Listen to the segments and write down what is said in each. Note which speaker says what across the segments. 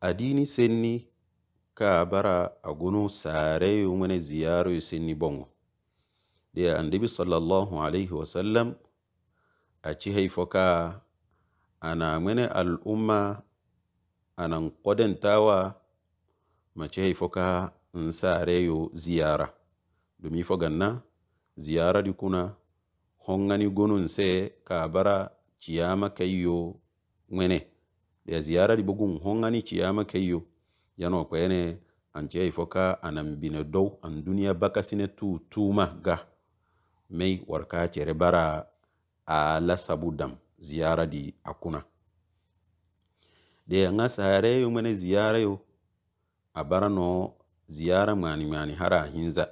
Speaker 1: adini senni ka bara agunu saareyo ŋene ziyaaroyo senni boŋo de annabi sallallahu alayhi wasallam acihey fo ka ana ŋene al umma anan koden tawa macihey fo ka n saareyo ziyara dumi fo ganna ziyara di kuna honŋani gunun se ka bara ciyama kayyo ŋene ya ziyara di bugun hongani ci yama keyo yano ko ene ance ifoka anan bine dau an duniya sine tu ma ga mai warka cere bara a lasabu dam ziyara di akuna de ngasa sahare yo mene ziyara yo a bara no ziyara mani mani hara hinza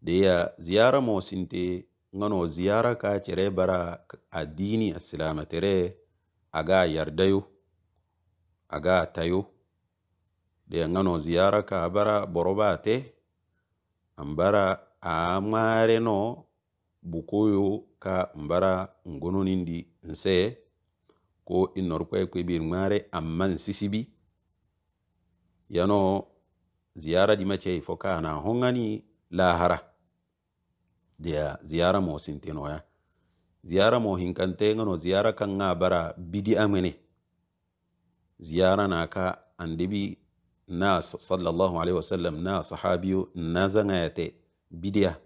Speaker 1: da ya ziyara mo sinte ngano ziyara ka cere bara tere asilamatare aga yardayo aga tayo ya ngano ziyara ka bara boroba te ambara amare no bukoyo ka mbara ngono nindi nse ko kwe bir mare amman sisibi yano ziyara di mace ifo na hongani lahara da ziyara mo ya. ziyara mohin kante ngano ziyara kan nga bara bidi amene ziyara na ka andibi na sallallahu alaihi wasallam na sahabiyo na yate bidiya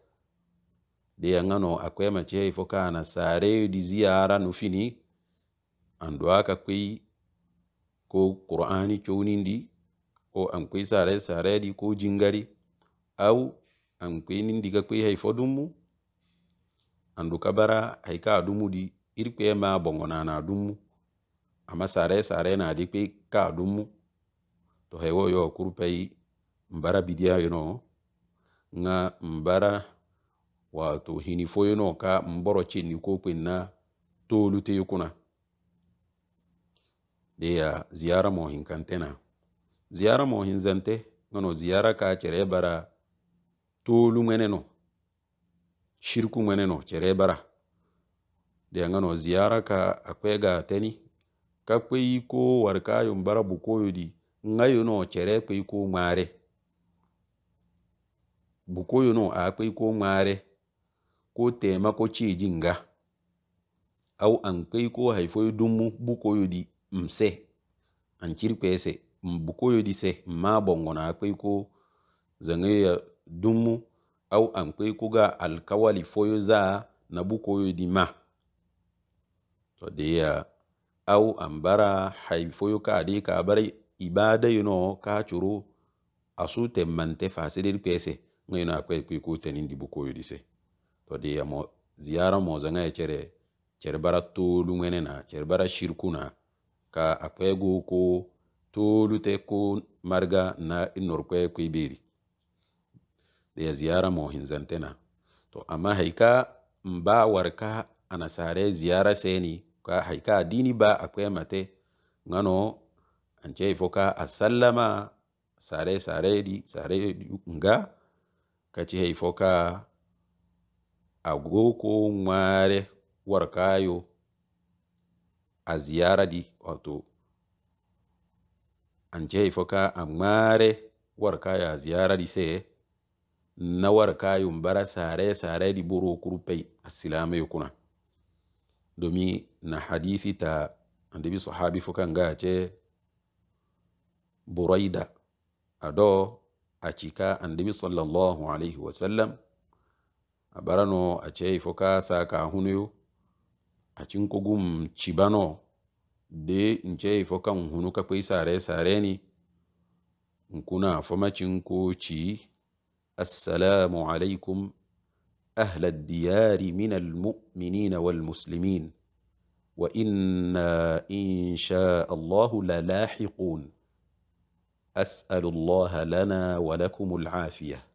Speaker 1: de ya ngano akwai mace ifo na sare di ziyara nufini ando aka kwi ko qur'ani ndi ko an kwi sare sare di ko jingari au an kwi ndi ga kwi haifo dummu andu kabara haika adumu di irikwe ma bongo na adumu ama sare sare na adikpe ka adumu to hewo yo kurupai mbara bidia you know nga mbara wa to hini fo you know ka mboro chini ko kwinna to lute yukuna de ya ziara mo hinkantena ziara mo hinzante ngono ziara ka chere bara tolu ngene no shirku no chere bara no ziyara ka ga teni ka kpeyi ko warkayo bara bukoyodi ŋayo no chere kpeyi ko ŋmare bukoyo no a kpeyi ko mare ko tema ko ciji jinga au an kpeyi ko haifoyo dummu bukoyodi mse an cirkpese bukoyodi se ma bongo na a kpeyi ko dumu dummu au ankpe koga alkawali foyo za na buko yo di ma to ya au bara hay foyo ka di ka bara ibada no ka churu asu temmante fasidir pese ngayon akwe kwe ko tenin di buko yo di se to ya mo ziyara mo zanga chere chere bara tolu ngene na chere bara shirku na ka akwe go ko tolu te ko marga na inorkwe kwe biri ya ziyara mohin zantina to amma haika ba warka a anasare ziyara sai ne ka haika dini ba akwai mate ngano foka a sallama sare sare di sare nga ka ce kaci haifoka agoko ngware warkayo a ziyara di wato an ance foka a ngware warkayo a ziyara di sai na warka bara sare sare di boro a silamai kuna. domi na hadithi ta bi sahabi fukan ga ce buraida ado a cika bi sallallahu alaihi wasallam a barano a ce sa saka hunuyo a cin kogun cibano de in ce fukan hunu kakwai sare-sare ne in kuna famacin ko ci السلام عليكم أهل الديار من المؤمنين والمسلمين وإنا إن شاء الله للاحقون أسأل الله لنا ولكم العافية